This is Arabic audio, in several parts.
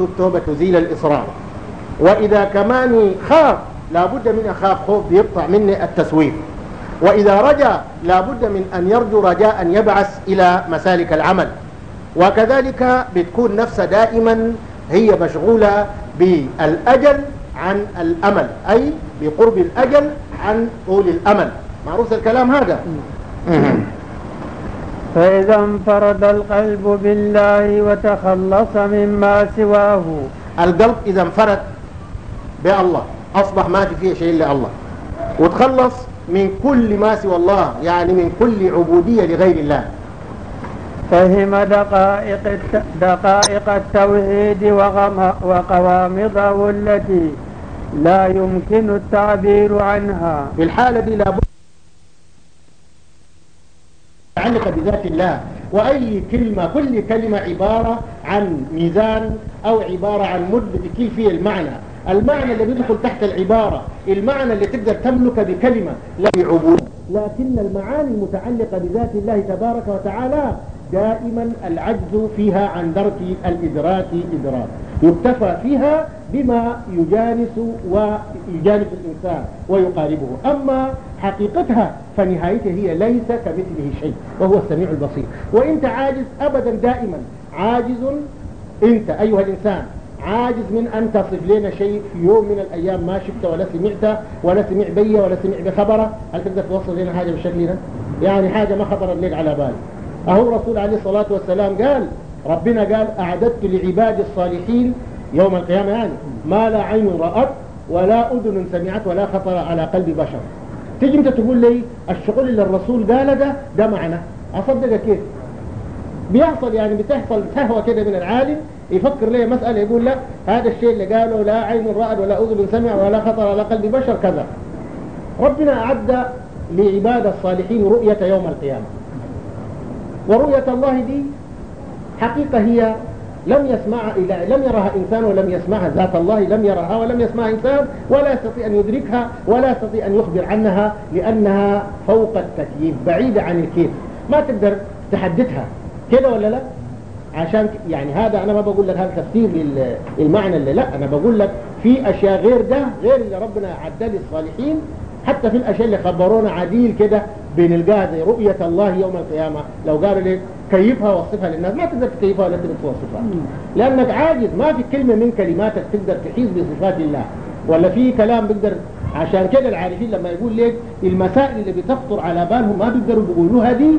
التوبة تزيل الإصرار وإذا كمان خاف لابد من أخاف خوف بيقطع مني التسويف وإذا رجا لابد من أن يرجو رجاء أن يبعث إلى مسالك العمل وكذلك بتكون نفسها دائما هي مشغولة بالأجل عن الأمل أي بقرب الأجل عن طول الأمل معروف الكلام هذا فإذا انفرد القلب بالله وتخلص مما سواه القلب إذا انفرد بالله أصبح ما في فيه شيء إلا الله وتخلص من كل ما سوى الله يعني من كل عبودية لغير الله فهم دقائق دقائق التوحيد وقوامضه التي لا يمكن التعبير عنها في الحالة دي لابد متعلقة بذات الله وأي كلمة كل كلمة عبارة عن ميزان أو عبارة عن مد بكيفية المعنى المعنى الذي يدخل تحت العبارة المعنى اللي تقدر تملك بكلمة لا بعبود لكن المعاني المتعلقة بذات الله تبارك وتعالى دائما العجز فيها عن درك الإدراك إدراك يكتفى فيها بما يجانس ويجانس الإنسان ويقاربه أما حقيقتها فنهايته هي ليس كمثله شيء وهو السميع البصير وإنت عاجز أبدا دائما عاجز أنت أيها الإنسان عاجز من أن تصف لنا شيء في يوم من الأيام ما شفته ولا سمعته ولا سمع بي ولا سمع بخبره هل تقدر توصل لنا حاجة بالشكل يعني حاجة ما خطرت لك على بالي أهو الرسول عليه الصلاة والسلام قال ربنا قال أعددت لعبادي الصالحين يوم القيامة يعني ما لا عين رأت ولا أذن سمعت ولا خطر على قلب بشر تجي انت تقول لي الشغل اللي الرسول قاله ده ده معنى اصدقك كيف بيحصل يعني بتحصل سهوه كده من العالم يفكر ليه مساله يقول لك هذا الشيء اللي قاله لا عين رأت ولا اذن سمع ولا خطر على قلب بشر كذا ربنا اعد لعباد الصالحين رؤيه يوم القيامه ورؤيه الله دي حقيقة هي لم يسمعها إلى لم يرها إنسان ولم يسمعها ذات الله لم يرها ولم يسمعها إنسان ولا يستطيع أن يدركها ولا يستطيع أن يخبر عنها لأنها فوق التكييف بعيدة عن الكيف ما تقدر تحددها كده ولا لا عشان يعني هذا أنا ما بقول لك هذا تفسير للمعنى اللي لا أنا بقول لك في أشياء غير ده غير اللي ربنا عدل للصالحين حتى في الأشياء اللي خبرونا عديل كده بنلقاها زي رؤية الله يوم القيامة لو قالوا لك كيفها وصفها للناس ما تقدر تكيفها ولا تقدر توصفها لأنك عاجز ما في كلمة من كلماتك تقدر تحيز بصفات الله ولا في كلام بقدر عشان كده العارفين لما يقول لك المسائل اللي بتخطر على بالهم ما بيقدروا بيقولوها دي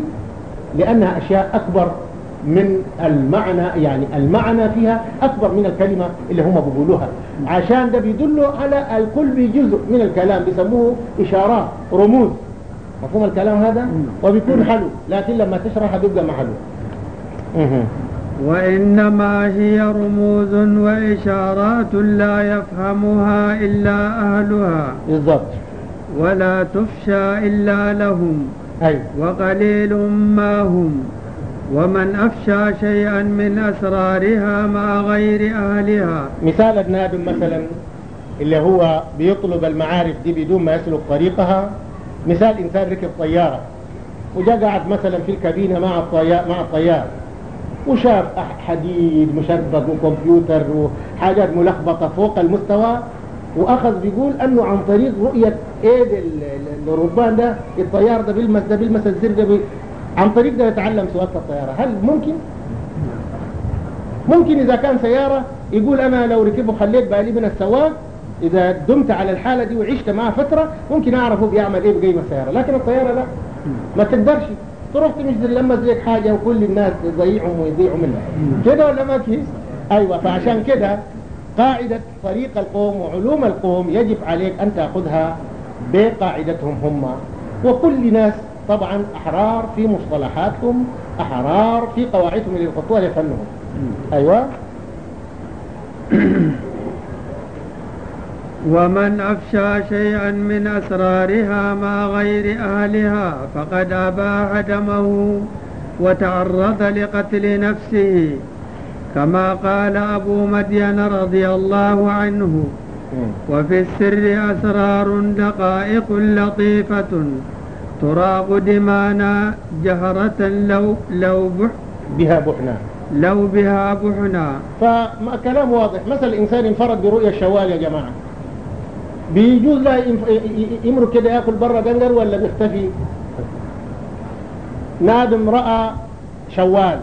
لأنها أشياء أكبر من المعنى يعني المعنى فيها أكبر من الكلمة اللي هم بيقولوها عشان ده بيدلوا على الكل بجزء من الكلام بيسموه إشارات رموز مفهوم الكلام هذا وبيكون حلو لكن لما تشرح بيبقى حلو وإنما هي رموز وإشارات لا يفهمها إلا أهلها بالضبط ولا تفشى إلا لهم أي. وقليل ما هم ومن أفشى شيئا من أسرارها مع غير أهلها مثال آدم مثلا اللي هو بيطلب المعارف دي بدون ما يسلك طريقها مثال إنسان ركب طيارة وجاء قاعد مثلا في الكابينة مع الطيار مع الطيار وشاف حديد مشبك وكمبيوتر وحاجات ملخبطة فوق المستوى واخذ بيقول انه عن طريق رؤية ايد الربان ده الطيار ده بيلمس ده بيلمس الزر ده بي عن طريق ده يتعلم سواقة الطيارة هل ممكن؟ ممكن اذا كان سيارة يقول انا لو ركبه خليت بالي من السواق إذا دمت على الحالة دي وعشت معها فترة ممكن أعرف هو بيعمل إيه بقيمة السيارة لكن الطيارة لا ما تقدرش تروح تمشي لما تزيك حاجة وكل الناس يضيعهم ويضيعوا منها كده ولا ما كده أيوة فعشان كده قاعدة طريق القوم وعلوم القوم يجب عليك أن تأخذها بقاعدتهم هم وكل ناس طبعا أحرار في مصطلحاتهم أحرار في قواعدهم اللي يخطوها لفنهم أيوة ومن أفشى شيئا من أسرارها مع غير أهلها فقد أباح دمه وتعرض لقتل نفسه كما قال أبو مدين رضي الله عنه وفي السر أسرار دقائق لطيفة تراق دمانا جهرة لو لو بح بها بحنا لو بها بحنا فما كلام واضح مثل الإنسان انفرد برؤية الشوال يا جماعة بيجوز له يمرق كده ياكل برا جنجر ولا بيختفي نادم راى شوال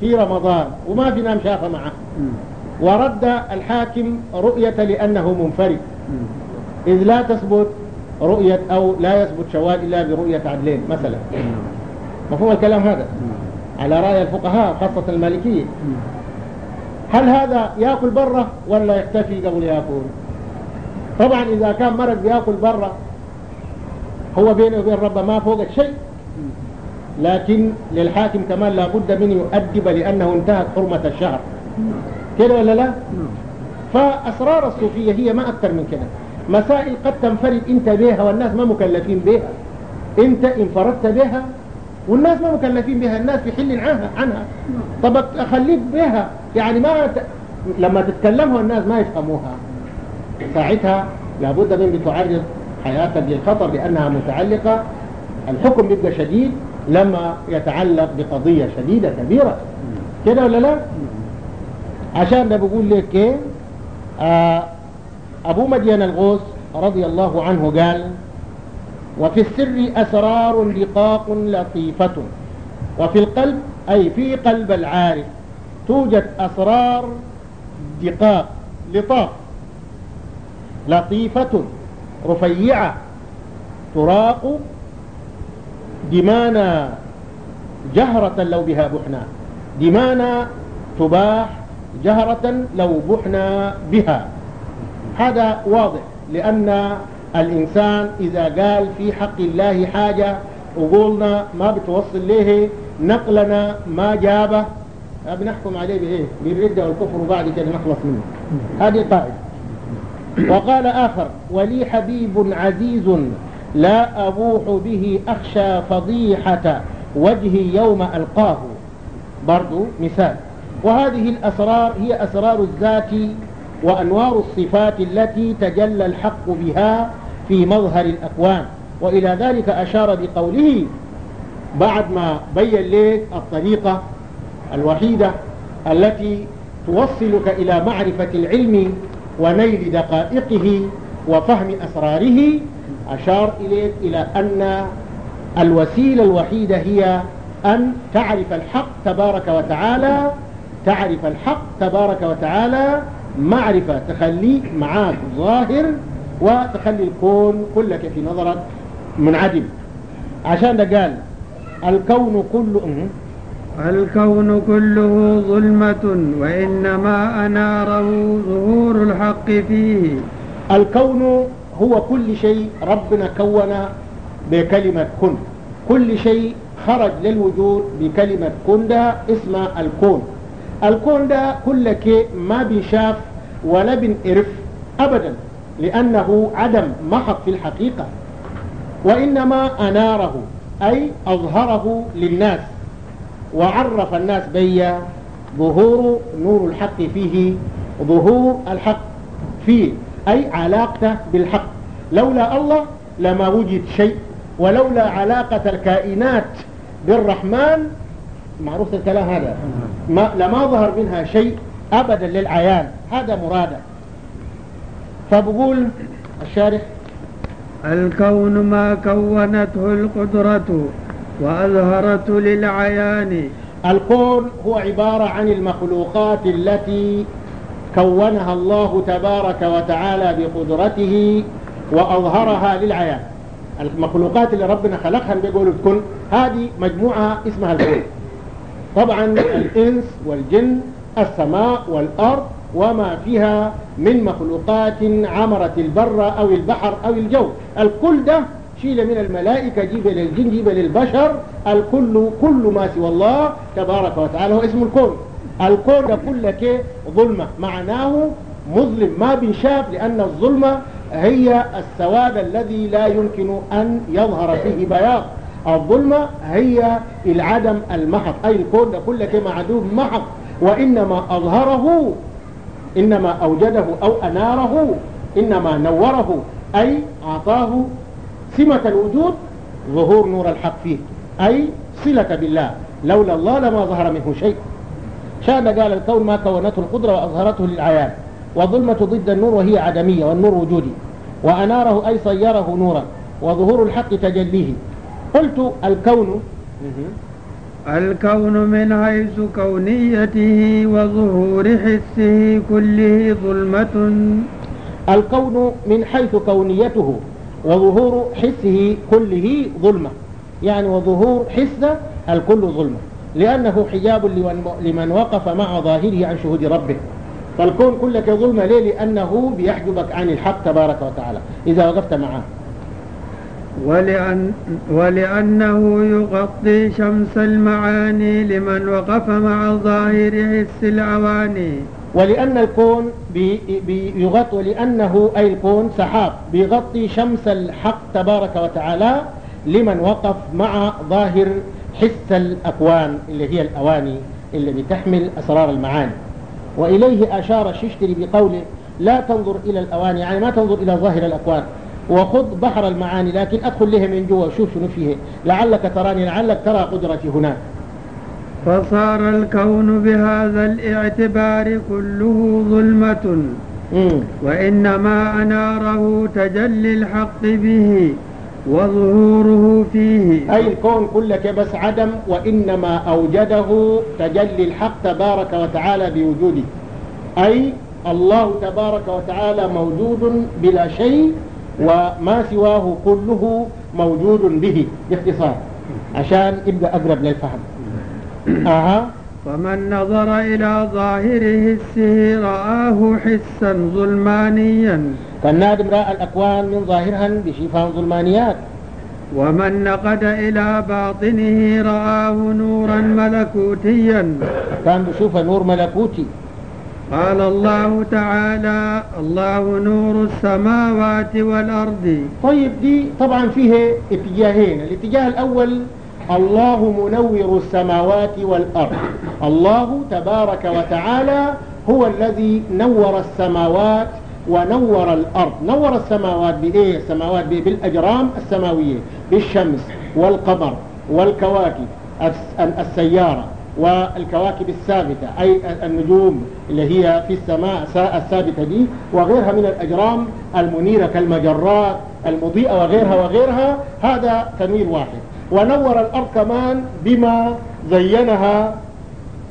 في رمضان وما في نام شافه معه ورد الحاكم رؤية لأنه منفرد إذ لا تثبت رؤية أو لا يثبت شوال إلا برؤية عدلين مثلا مفهوم الكلام هذا على رأي الفقهاء خاصة المالكية هل هذا يأكل برة ولا يختفي قبل يأكل طبعا إذا كان مرض بياكل برا هو بينه وبين ربه ما فوق شيء لكن للحاكم كمان لابد من يؤدب لأنه انتهت حرمة الشهر كده ولا لا؟ فأسرار الصوفية هي ما أكثر من كده مسائل قد تنفرد أنت بها والناس ما مكلفين بها أنت انفردت بها والناس ما مكلفين بها الناس في حل عنها عنها طب اخليك بها يعني ما ت... لما تتكلمها الناس ما يفهموها ساعتها لابد من بتعرض حياتك للخطر لأنها متعلقة الحكم بيبقى شديد لما يتعلق بقضية شديدة كبيرة كده ولا لا عشان ده بقول لك ايه آه أبو مدين الغوص رضي الله عنه قال وفي السر أسرار لقاق لطيفة وفي القلب أي في قلب العارف توجد أسرار دقاق لطاق لطيفة رفيعة تراق دمانا جهرة لو بها بحنا دمانا تباح جهرة لو بحنا بها هذا واضح لأن الإنسان إذا قال في حق الله حاجة وقولنا ما بتوصل ليه نقلنا ما جابه بنحكم طيب، عليه بإيه بالردة والكفر وبعد كده نخلص منه هذه قاعدة وقال آخر ولي حبيب عزيز لا أبوح به أخشى فضيحة وجهي يوم ألقاه برضو مثال وهذه الأسرار هي أسرار الذات وأنوار الصفات التي تجلى الحق بها في مظهر الأكوان وإلى ذلك أشار بقوله بعد ما بين لك الطريقة الوحيدة التي توصلك إلى معرفة العلم ونيل دقائقه وفهم أسراره أشار إليه إلى أن الوسيلة الوحيدة هي أن تعرف الحق تبارك وتعالى تعرف الحق تبارك وتعالى معرفة تخلي معاك ظاهر وتخلي الكون كلك في نظرك منعدم عشان ده قال الكون كله الكون كله ظلمة وإنما أناره ظهور الحق فيه الكون هو كل شيء ربنا كون بكلمة كن كل شيء خرج للوجود بكلمة كن ده اسمه الكون الكون ده كل كي ما بيشاف ولا بنعرف أبدا لأنه عدم محض في الحقيقة وإنما أناره أي أظهره للناس وعرف الناس بي ظهور نور الحق فيه ظهور الحق فيه أي علاقته بالحق لولا الله لما وجد شيء ولولا علاقة الكائنات بالرحمن معروف الكلام هذا ما لما ظهر منها شيء أبدا للعيان هذا مراده فبقول الشارح الكون ما كونته القدرة وأظهرت للعيان الكون هو عبارة عن المخلوقات التي كونها الله تبارك وتعالى بقدرته وأظهرها للعيان المخلوقات اللي ربنا خلقها بيقولوا الكون هذه مجموعة اسمها الكون طبعا الإنس والجن السماء والأرض وما فيها من مخلوقات عمرت البر أو البحر أو الجو الكل ده شيل من الملائكة جيب للجن جيب للبشر الكل كل ما سوى الله تبارك وتعالى هو اسم الكون الكون ده كلك ظلمة معناه مظلم ما بنشاف لأن الظلمة هي السواد الذي لا يمكن أن يظهر فيه بياض الظلمة هي العدم المحض أي الكون ده كلك معدوم محض وإنما أظهره إنما أوجده أو أناره إنما نوره أي أعطاه سمة الوجود ظهور نور الحق فيه أي صلة بالله لولا الله لما ظهر منه شيء شأن قال الكون ما كونته القدرة وأظهرته للعيان وظلمة ضد النور وهي عدمية والنور وجودي وأناره أي صيره نورا وظهور الحق تجليه قلت الكون الكون من حيث كونيته وظهور حسه كله ظلمة الكون من حيث كونيته وظهور حسه كله ظلمة يعني وظهور حسه الكل ظلمة لأنه حجاب لمن وقف مع ظاهره عن شهود ربه فالكون كلك ظلمة ليه لأنه بيحجبك عن الحق تبارك وتعالى إذا وقفت معه ولأن ولأنه يغطي شمس المعاني لمن وقف مع ظاهر حس العواني ولأن الكون بيغطي لأنه أي الكون سحاب بيغطي شمس الحق تبارك وتعالى لمن وقف مع ظاهر حس الأكوان اللي هي الأواني اللي بتحمل أسرار المعاني وإليه أشار الششتري بقوله لا تنظر إلى الأواني يعني ما تنظر إلى ظاهر الأكوان وخذ بحر المعاني لكن أدخل لها من جوا شوف شنو فيه لعلك تراني لعلك ترى قدرتي هناك فصار الكون بهذا الاعتبار كله ظلمة وإنما أناره تجلي الحق به وظهوره فيه أي الكون كلك بس عدم وإنما أوجده تجلي الحق تبارك وتعالى بوجوده أي الله تبارك وتعالى موجود بلا شيء وما سواه كله موجود به باختصار عشان يبقى أقرب للفهم فمن آه. نظر إلى ظاهر حسه رآه حسا ظلمانيا فالنادم رأى الأكوان من ظاهرها بشفاء ظلمانيات ومن نقد إلى باطنه رآه نورا ملكوتيا كان بشوف نور ملكوتي قال الله تعالى الله نور السماوات والأرض طيب دي طبعا فيها اتجاهين الاتجاه الأول الله منور السماوات والأرض الله تبارك وتعالى هو الذي نور السماوات ونور الأرض نور السماوات بإيه السماوات بإيه؟ بالأجرام السماوية بالشمس والقمر والكواكب السيارة والكواكب الثابتة أي النجوم اللي هي في السماء الثابتة دي وغيرها من الأجرام المنيرة كالمجرات المضيئة وغيرها وغيرها هذا تنوير واحد ونور الأرض كمان بما زينها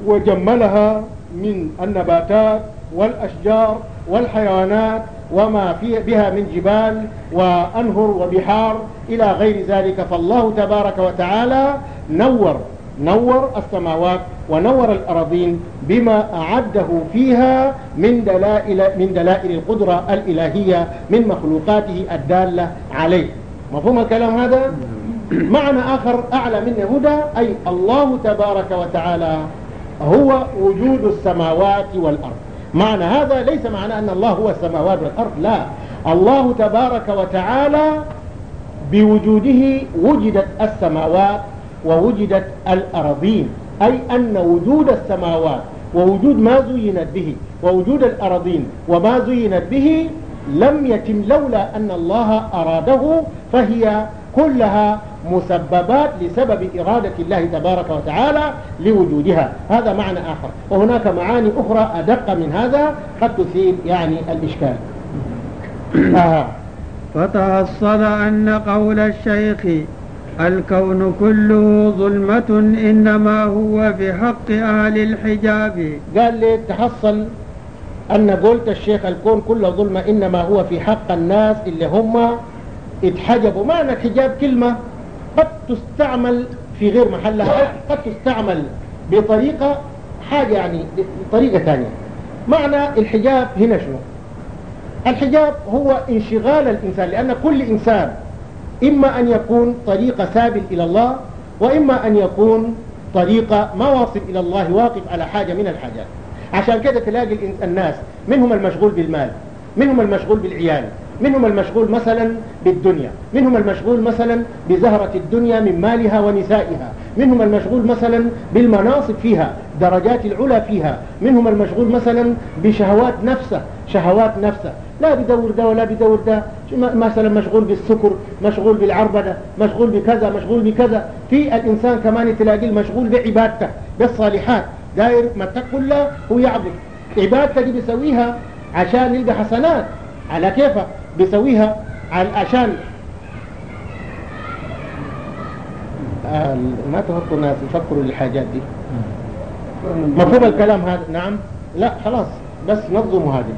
وجملها من النباتات والأشجار والحيوانات وما في بها من جبال وأنهر وبحار إلى غير ذلك فالله تبارك وتعالى نور نور السماوات ونور الأراضين بما أعده فيها من دلائل, من دلائل القدرة الإلهية من مخلوقاته الدالة عليه مفهوم الكلام هذا؟ معنى آخر أعلى منه هدى أي الله تبارك وتعالى هو وجود السماوات والأرض معنى هذا ليس معنى أن الله هو السماوات والأرض لا الله تبارك وتعالى بوجوده وجدت السماوات ووجدت الأراضين أي أن وجود السماوات ووجود ما زينت به ووجود الأراضين وما زينت به لم يتم لولا أن الله أراده فهي كلها مسببات لسبب إرادة الله تبارك وتعالى لوجودها هذا معنى آخر وهناك معاني أخرى أدق من هذا قد تثير يعني الإشكال آه. فتحصل أن قول الشيخ الكون كله ظلمة إنما هو في حق أهل الحجاب قال لي تحصل أن قلت الشيخ الكون كله ظلمة إنما هو في حق الناس اللي هم اتحجبوا معنى الحجاب كلمة قد تستعمل في غير محلها أو قد تستعمل بطريقة حاجة يعني بطريقة ثانية معنى الحجاب هنا شنو الحجاب هو انشغال الإنسان لأن كل إنسان إما أن يكون طريقة سابل إلى الله وإما أن يكون طريقة ما واصل إلى الله واقف على حاجة من الحاجات عشان كده تلاقي الناس منهم المشغول بالمال منهم المشغول بالعيال منهم المشغول مثلا بالدنيا منهم المشغول مثلا بزهرة الدنيا من مالها ونسائها منهم المشغول مثلا بالمناصب فيها درجات العلا فيها منهم المشغول مثلا بشهوات نفسه شهوات نفسه لا بدور ده ولا بدور ده مثلا مشغول بالسكر مشغول بالعربدة مشغول بكذا مشغول بكذا في الإنسان كمان تلاقيه مشغول بعبادته بالصالحات داير ما تقول الله هو يعبد عبادته دي بيسويها عشان يلقى حسنات على كيفه بيسويها عشان آه، ما تحطوا الناس يفكروا الحاجات دي مفهوم الكلام هذا نعم لا خلاص بس نظموا هذه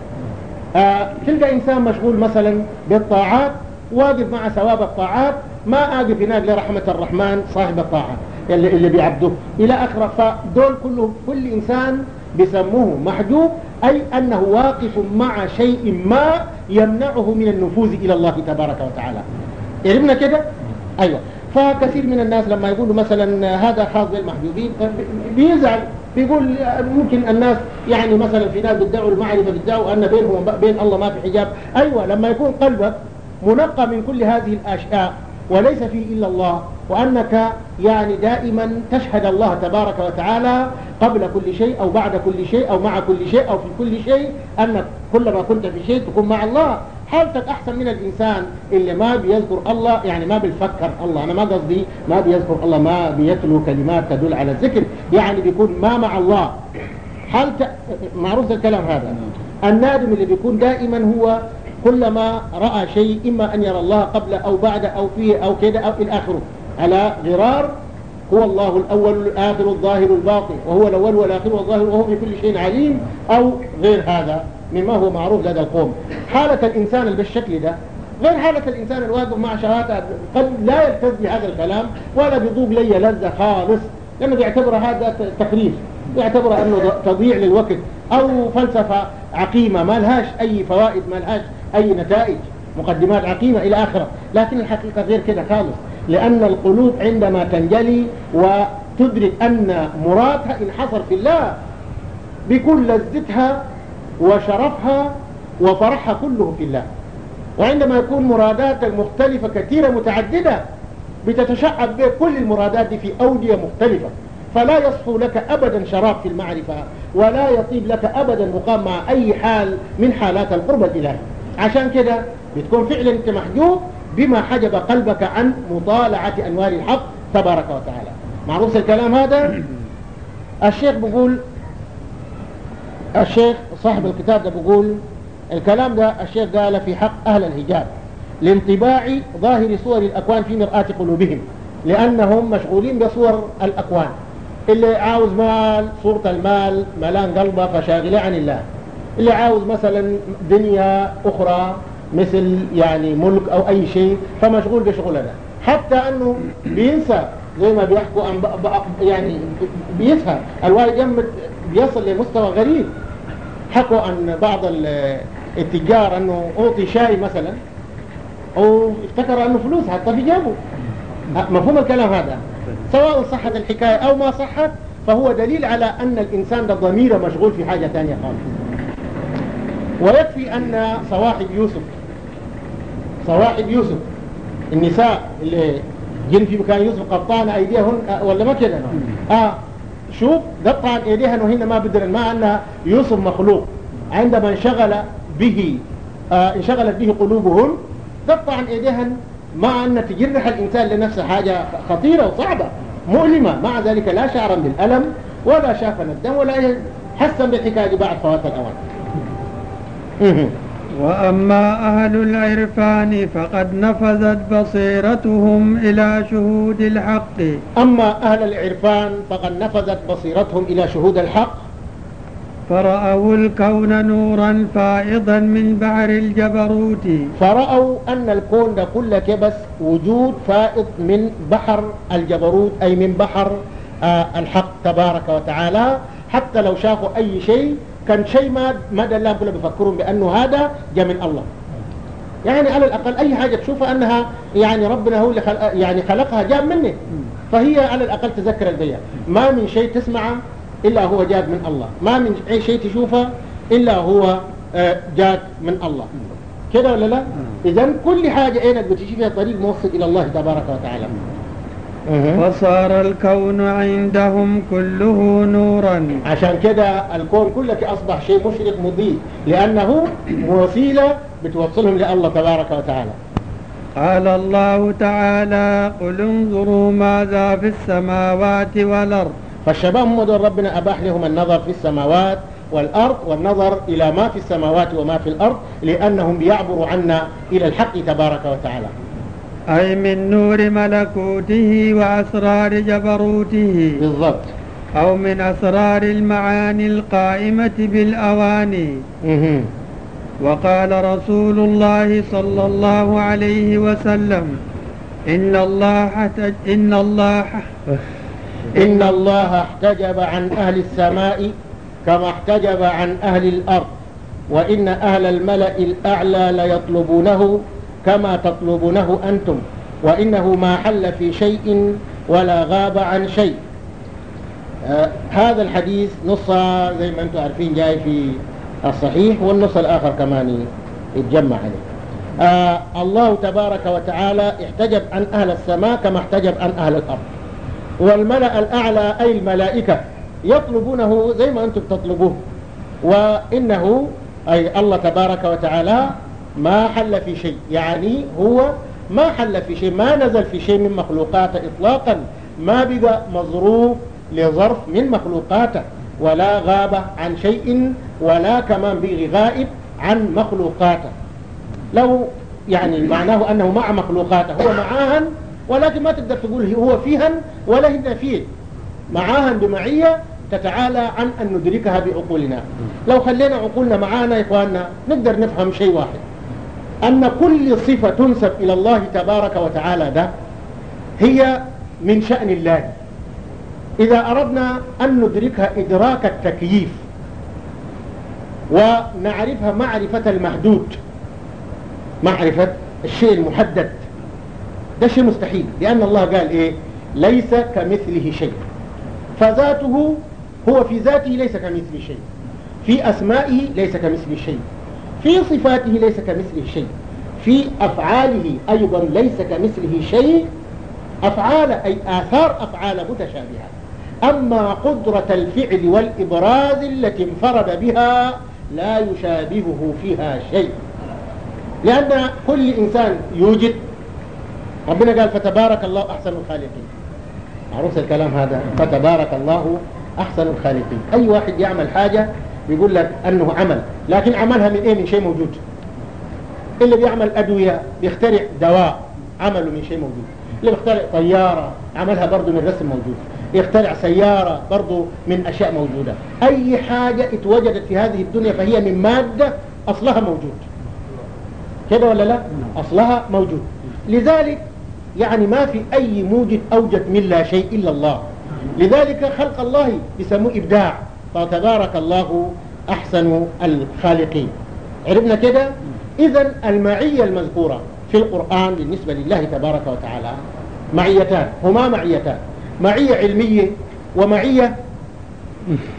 آه تلقى إنسان مشغول مثلا بالطاعات واقف مع ثواب الطاعات ما اقف هناك لرحمة الرحمن صاحب الطاعة اللي, اللي بيعبده إلى آخره فدول كلهم كل إنسان بسموه محجوب أي أنه واقف مع شيء ما يمنعه من النفوذ إلى الله تبارك وتعالى عرفنا كده أيوة فكثير من الناس لما يقولوا مثلا هذا خاص المحجوبين بيزعل بيقول ممكن الناس يعني مثلا في ناس بيدعوا المعرفة بيدعوا أن بينهم بين الله ما في حجاب أيوة لما يكون قلبك منقى من كل هذه الأشياء وليس فيه إلا الله وأنك يعني دائما تشهد الله تبارك وتعالى قبل كل شيء أو بعد كل شيء أو مع كل شيء أو في كل شيء أنك كلما كنت في شيء تكون مع الله حالتك أحسن من الإنسان اللي ما بيذكر الله يعني ما بيفكر الله أنا ما قصدي ما بيذكر الله ما بيتلو كلمات تدل على الذكر يعني بيكون ما مع الله حالتك معروف الكلام هذا النادم اللي بيكون دائما هو كلما رأى شيء إما أن يرى الله قبل أو بعد أو فيه أو كده أو إلى آخره على غرار هو الله الأول الآخر الظاهر الباطن وهو الأول والآخر والظاهر وهو في كل شيء عليم أو غير هذا مما هو معروف لدى القوم حالة الإنسان بالشكل ده غير حالة الإنسان الواقف مع شهادة قد لا يلتز بهذا الكلام ولا بيضوب لي لذة خالص لأنه بيعتبر هذا تخريف بيعتبر أنه تضييع للوقت أو فلسفة عقيمة ما لهاش أي فوائد ما لهاش أي نتائج مقدمات عقيمة إلى آخره لكن الحقيقة غير كده خالص لأن القلوب عندما تنجلي وتدرك أن مرادها انحصر في الله بكل لذتها وشرفها وفرحها كله في الله وعندما يكون مراداتك مختلفة كثيرة متعددة بتتشعب بكل كل المرادات في أودية مختلفة فلا يصفو لك أبدا شراب في المعرفة ولا يطيب لك أبدا مقام مع أي حال من حالات القربة الإلهي عشان كده بتكون فعلا أنت محجوب بما حجب قلبك عن مطالعة أنوار الحق تبارك وتعالى معروف الكلام هذا الشيخ بيقول الشيخ صاحب الكتاب ده بيقول الكلام ده الشيخ قال في حق أهل الحجاب لانطباع ظاهر صور الأكوان في مرآة قلوبهم لأنهم مشغولين بصور الأكوان اللي عاوز مال صورة المال ملان قلبه فشاغل عن الله اللي عاوز مثلا دنيا أخرى مثل يعني ملك أو أي شيء فمشغول بشغلنا حتى أنه بينسى زي ما بيحكوا عن يعني بيسهى الواحد يم بيصل لمستوى غريب حكوا عن بعض التجار أنه أعطي شاي مثلا وافتكر أنه فلوس حتى في جابه مفهوم الكلام هذا سواء صحت الحكاية أو ما صحت فهو دليل على أن الإنسان ده ضميره مشغول في حاجة ثانية خالص ويكفي أن صواحب يوسف صواحب يوسف النساء اللي جن في مكان يوسف قطعن أيديهن آه، ولا ما كده آه شوف قطعن أيديهن وهن ما بدرن مع أن يوسف مخلوق عندما انشغل به آه انشغلت به قلوبهن قطعن أيديهن مع أن تجرح الإنسان لنفسه حاجة خطيرة وصعبة مؤلمة مع ذلك لا شعرا بالألم ولا شافا الدم ولا حسن بالحكاية بعد فوات الأوان وأما أهل العرفان فقد نفذت بصيرتهم إلى شهود الحق أما أهل العرفان فقد نفذت بصيرتهم إلى شهود الحق فرأوا الكون نورا فائضا من بحر الجبروت فرأوا أن الكون ده كله كبس وجود فائض من بحر الجبروت أي من بحر آه، الحق تبارك وتعالى حتى لو شافوا أي شيء كان شيء ما ما دلهم كلهم بيفكرون بانه هذا جاء من الله يعني على الاقل اي حاجه تشوفها انها يعني ربنا هو اللي خلق يعني خلقها جاء مني فهي على الاقل تذكر البيع ما من شيء تسمعه الا هو جاء من الله ما من اي شيء تشوفه الا هو آه، جاء من الله كده ولا لا اذا كل حاجه عينك بتشوفها طريق موصل الى الله تبارك وتعالى وصار الكون عندهم كله نورا عشان كده الكون كله أصبح شيء مشرق مضيء لأنه وسيلة بتوصلهم لله تبارك وتعالى قال الله تعالى قل انظروا ماذا في السماوات والأرض فالشباب هم دول ربنا أباح لهم النظر في السماوات والأرض والنظر إلى ما في السماوات وما في الأرض لأنهم بيعبروا عنا إلى الحق تبارك وتعالى أي من نور ملكوته وأسرار جبروته بالضبط أو من أسرار المعاني القائمة بالأواني مه. وقال رسول الله صلى الله عليه وسلم إن الله حتج إن الله إن الله احتجب عن أهل السماء كما احتجب عن أهل الأرض وإن أهل الملأ الأعلى ليطلبونه كما تطلبونه أنتم وإنه ما حل في شيء ولا غاب عن شيء آه، هذا الحديث نص زي ما أنتم عارفين جاي في الصحيح والنص الآخر كمان يتجمع عليه آه الله تبارك وتعالى احتجب عن أهل السماء كما احتجب عن أهل الأرض والملأ الأعلى أي الملائكة يطلبونه زي ما أنتم تطلبوه وإنه أي الله تبارك وتعالى ما حل في شيء يعني هو ما حل في شيء ما نزل في شيء من مخلوقاته إطلاقا ما بقى مظروف لظرف من مخلوقاته ولا غاب عن شيء ولا كمان بغي غائب عن مخلوقاته لو يعني معناه أنه مع مخلوقاته هو معاهن ولكن ما تقدر تقول هو فيهن ولا هن فيه معاهن بمعية تتعالى عن أن ندركها بعقولنا لو خلينا عقولنا معانا إخواننا نقدر نفهم شيء واحد أن كل صفة تنسب إلى الله تبارك وتعالى ده هي من شأن الله إذا أردنا أن ندركها إدراك التكييف ونعرفها معرفة المحدود معرفة الشيء المحدد ده شيء مستحيل لأن الله قال إيه ليس كمثله شيء فذاته هو في ذاته ليس كمثله شيء في أسمائه ليس كمثله شيء في صفاته ليس كمثله شيء في أفعاله أيضا ليس كمثله شيء أفعال أي آثار أفعال متشابهة أما قدرة الفعل والإبراز التي انفرد بها لا يشابهه فيها شيء لأن كل إنسان يوجد ربنا قال فتبارك الله أحسن الخالقين معروف الكلام هذا فتبارك الله أحسن الخالقين أي واحد يعمل حاجة بيقول لك انه عمل لكن عملها من ايه من شيء موجود اللي بيعمل ادويه بيخترع دواء عمله من شيء موجود اللي بيخترع طياره عملها برضه من رسم موجود يخترع سياره برضه من اشياء موجوده اي حاجه اتوجدت في هذه الدنيا فهي من ماده اصلها موجود كده ولا لا اصلها موجود لذلك يعني ما في أي موجد أوجد من لا شيء إلا الله لذلك خلق الله يسموه إبداع فتبارك الله أحسن الخالقين عرفنا كده إذا المعية المذكورة في القرآن بالنسبة لله تبارك وتعالى معيتان هما معيتان معية علمية ومعية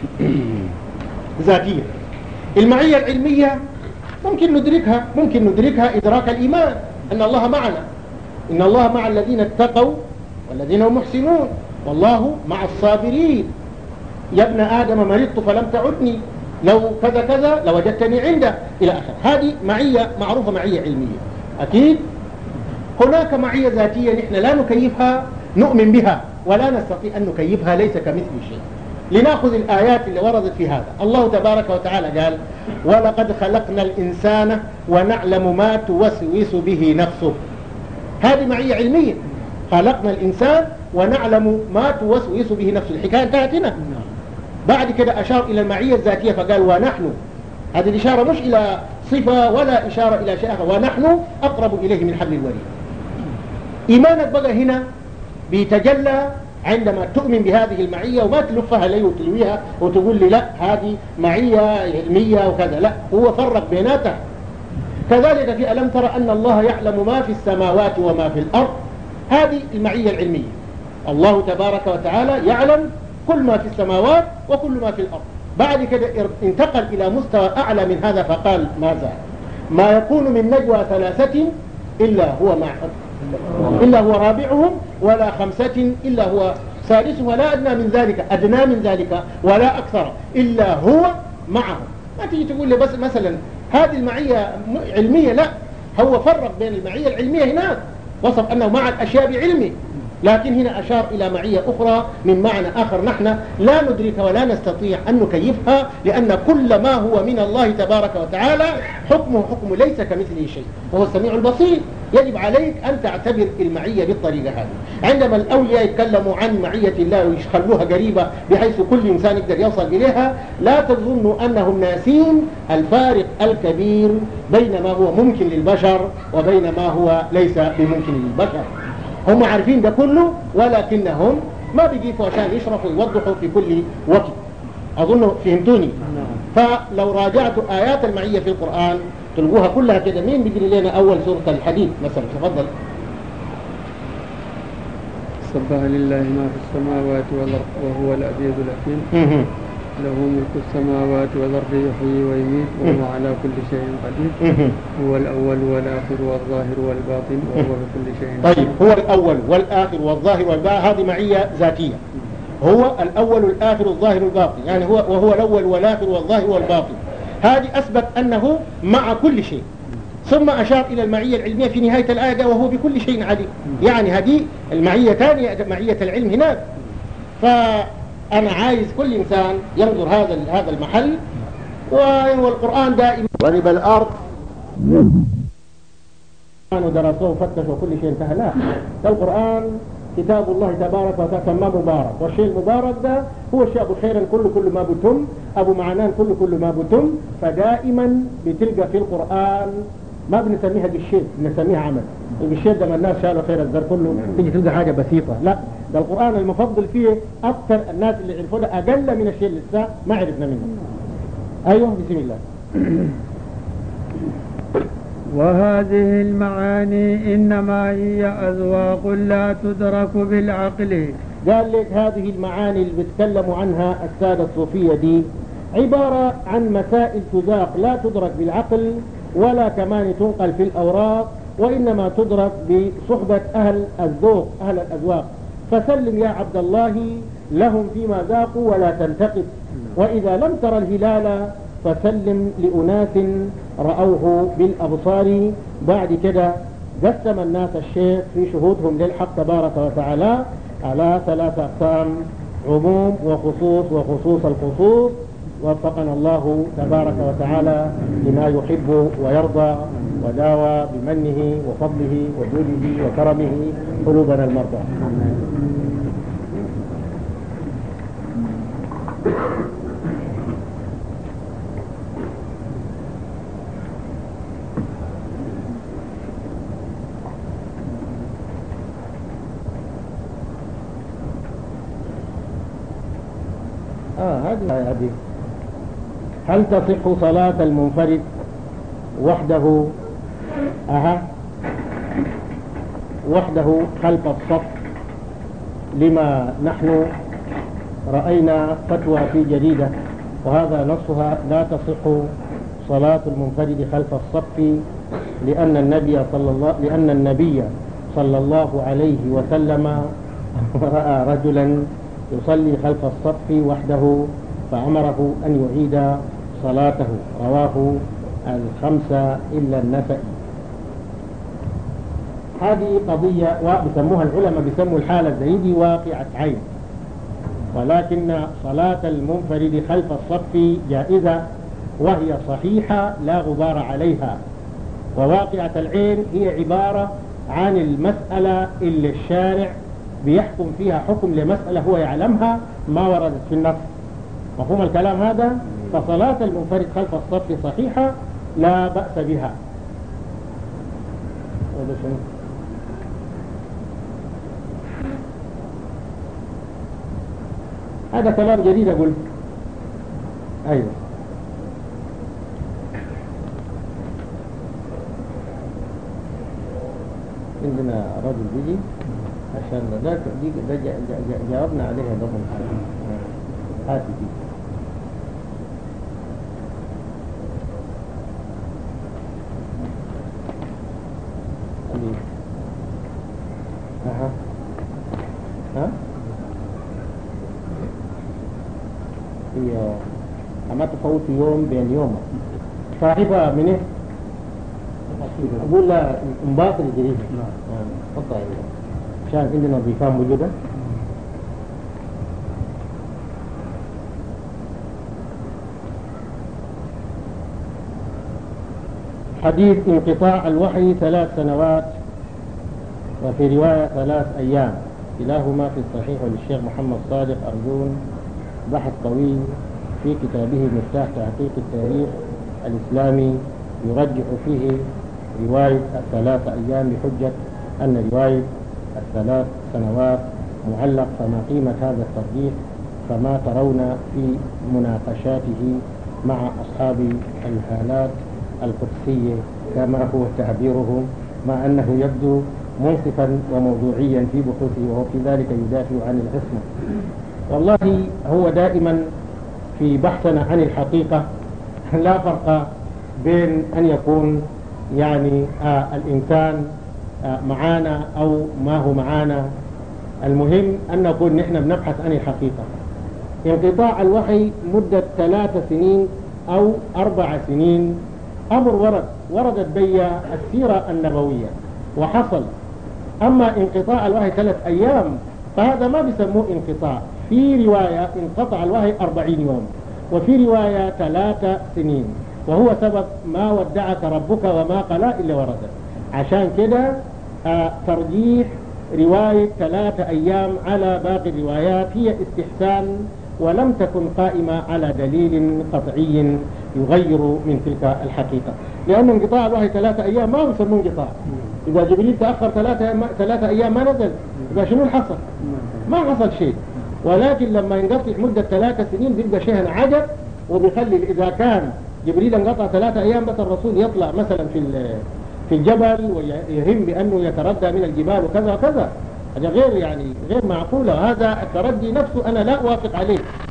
ذاتية المعية العلمية ممكن ندركها ممكن ندركها إدراك الإيمان أن الله معنا إن الله مع الذين اتقوا والذين هم محسنون والله مع الصابرين يا ابن آدم مرضت فلم تعدني لو كذا كذا لوجدتني عنده إلى آخر هذه معية معروفة معية علمية أكيد هناك معية ذاتية نحن لا نكيفها نؤمن بها ولا نستطيع أن نكيفها ليس كمثل شيء لنأخذ الآيات اللي وردت في هذا الله تبارك وتعالى قال ولقد خلقنا الإنسان ونعلم ما توسوس به نفسه هذه معية علمية خلقنا الإنسان ونعلم ما توسوس به نفسه الحكاية انتهت هنا بعد كده أشار إلى المعية الذاتية فقال ونحن هذه الإشارة مش إلى صفة ولا إشارة إلى شيء آخر ونحن أقرب إليه من حبل الوريد إيمانك بقى هنا بيتجلى عندما تؤمن بهذه المعية وما تلفها لي وتلويها وتقول لي لا هذه معية علمية وكذا لا هو فرق بيناتها كذلك في ألم ترى أن الله يعلم ما في السماوات وما في الأرض هذه المعية العلمية الله تبارك وتعالى يعلم كل ما في السماوات وكل ما في الأرض بعد كده انتقل إلى مستوى أعلى من هذا فقال ماذا ما يكون من نجوى ثلاثة إلا هو مع إلا هو رابعهم ولا خمسة إلا هو سادسهم ولا أدنى من ذلك أدنى من ذلك ولا أكثر إلا هو معهم ما تيجي تقول لي بس مثلا هذه المعية علمية لا هو فرق بين المعية العلمية هناك وصف أنه مع الأشياء بعلمه لكن هنا أشار إلى معية أخرى من معنى آخر نحن لا ندرك ولا نستطيع أن نكيفها لأن كل ما هو من الله تبارك وتعالى حكمه حكم ليس كمثله شيء وهو السميع البصير يجب عليك أن تعتبر المعية بالطريقة هذه عندما الأولياء يتكلموا عن معية الله ويخلوها قريبة بحيث كل إنسان يقدر يصل إليها لا تظنوا أنهم ناسين الفارق الكبير بين ما هو ممكن للبشر وبين ما هو ليس بممكن للبشر هم عارفين ده كله ولكنهم ما بيجيبوا عشان يشرحوا ويوضحوا في كل وقت أظن فهمتوني فلو راجعت آيات المعية في القرآن تلقوها كلها كده مين بيجري لنا أول سورة الحديث مثلا تفضل سبح لله ما في السماوات والأرض وهو العزيز الحكيم له ملك السماوات والأرض يحيي ويميت وهو على كل شيء قدير هو الأول والآخر والظاهر والباطن وهو بكل شيء طيب هو الأول والآخر والظاهر والباطن هذه معية ذاتية هو الأول الآخر الظاهر الباطن يعني هو وهو الأول والآخر والظاهر والباطن هذه أثبت أنه مع كل شيء ثم أشار إلى المعية العلمية في نهاية الآية وهو بكل شيء عليم يعني هذه المعيه ثانيه معية العلم هناك ف أنا عايز كل إنسان ينظر هذا هذا المحل والقرآن دائما ضرب الأرض كانوا درسوه فتشوا كل شيء انتهى لا القرآن كتاب الله تبارك وتعالى ما مبارك والشيء المبارك ده هو الشيء أبو خيرا كل كل ما بتم أبو معنان كل كل ما بتم فدائما بتلقى في القرآن ما بنسميها بالشيء بنسميها عمل ده لما الناس شالوا خير الزر كله نعم. تيجي تلقى حاجه بسيطه لا ده القران المفضل فيه اكثر الناس اللي عرفوه اقل من الشيء اللي لسه ما عرفنا منه ايوه بسم الله وهذه المعاني انما هي اذواق لا تدرك بالعقل قال لك هذه المعاني اللي بيتكلموا عنها الساده الصوفيه دي عباره عن مسائل تذاق لا تدرك بالعقل ولا كمان تنقل في الأوراق وإنما تدرك بصحبة أهل الذوق أهل الأذواق فسلم يا عبد الله لهم فيما ذاقوا ولا تنتقد وإذا لم ترى الهلال فسلم لأناس رأوه بالأبصار بعد كده قسم الناس الشيخ في شهودهم للحق تبارك وتعالى على ثلاثة أقسام عموم وخصوص وخصوص الخصوص وفقنا الله تبارك وتعالى لما يحب ويرضى وداوى بمنه وفضله وجوده وكرمه قلوبنا المرضى آه هذه آية، هذه هل تصح صلاة المنفرد وحده أها وحده خلف الصف لما نحن رأينا فتوى في جريدة وهذا نصها لا تصح صلاة المنفرد خلف الصف لأن النبي صلى الله لأن النبي صلى الله عليه وسلم رأى رجلا يصلي خلف الصف وحده فأمره أن يعيد صلاته رواه الخمسة إلا النفئ هذه قضية وبسموها العلماء بسموا الحالة الزيدي واقعة عين ولكن صلاة المنفرد خلف الصف جائزة وهي صحيحة لا غبار عليها وواقعة العين هي عبارة عن المسألة اللي الشارع بيحكم فيها حكم لمسألة هو يعلمها ما وردت في النص مفهوم الكلام هذا؟ فصلاة المنفرد خلف الصف صحيحة لا بأس بها هذا كلام جديد أقول أيوة عندنا رجل بيجي عشان ذاك جاوبنا عليها قبل هاتي المسلمين أها. ها هي أما تفوت يوم بين يوم صاحبها منه إيه؟ أقول لها مباطل جديد نعم آه، تفضل عشان عندنا ضيفان موجودة حديث انقطاع الوحي ثلاث سنوات وفي رواية ثلاث أيام كلاهما في الصحيح للشيخ محمد صادق أرجون بحث طويل في كتابه مفتاح تحقيق التاريخ الإسلامي يرجح فيه رواية الثلاث أيام بحجة أن رواية الثلاث سنوات معلق فما قيمة هذا الترجيح فما ترون في مناقشاته مع أصحاب الحالات القدسية كما هو تعبيره مع أنه يبدو منصفا وموضوعيا في بحوثه وهو في ذلك يدافع عن العصمة والله هو دائما في بحثنا عن الحقيقة لا فرق بين أن يكون يعني آه الإنسان آه معانا أو ما هو معانا المهم أن نقول نحن بنبحث عن الحقيقة انقطاع الوحي مدة ثلاث سنين أو أربع سنين أمر ورد وردت بي السيرة النبوية وحصل أما انقطاع الوحي ثلاث أيام فهذا ما بيسموه انقطاع في رواية انقطع الوحي أربعين يوم وفي رواية ثلاثة سنين وهو سبب ما ودعك ربك وما قلى إلا وردت عشان كده آه، ترجيح رواية ثلاثة أيام على باقي الروايات هي استحسان ولم تكن قائمة على دليل قطعي يغير من تلك الحقيقة لأن انقطاع الوحي ثلاثة أيام ما يسمى انقطاع إذا جبريل تأخر ثلاثة, ثلاثة أيام ما نزل يبقى شنو حصل ما حصل شيء ولكن لما ينقطع مدة ثلاثة سنين بيبقى شيء عجب وبيخلي إذا كان جبريل انقطع ثلاثة أيام بس الرسول يطلع مثلا في في الجبل ويهم بأنه يتردى من الجبال وكذا وكذا هذا غير يعني غير معقولة هذا التردي نفسه أنا لا أوافق عليه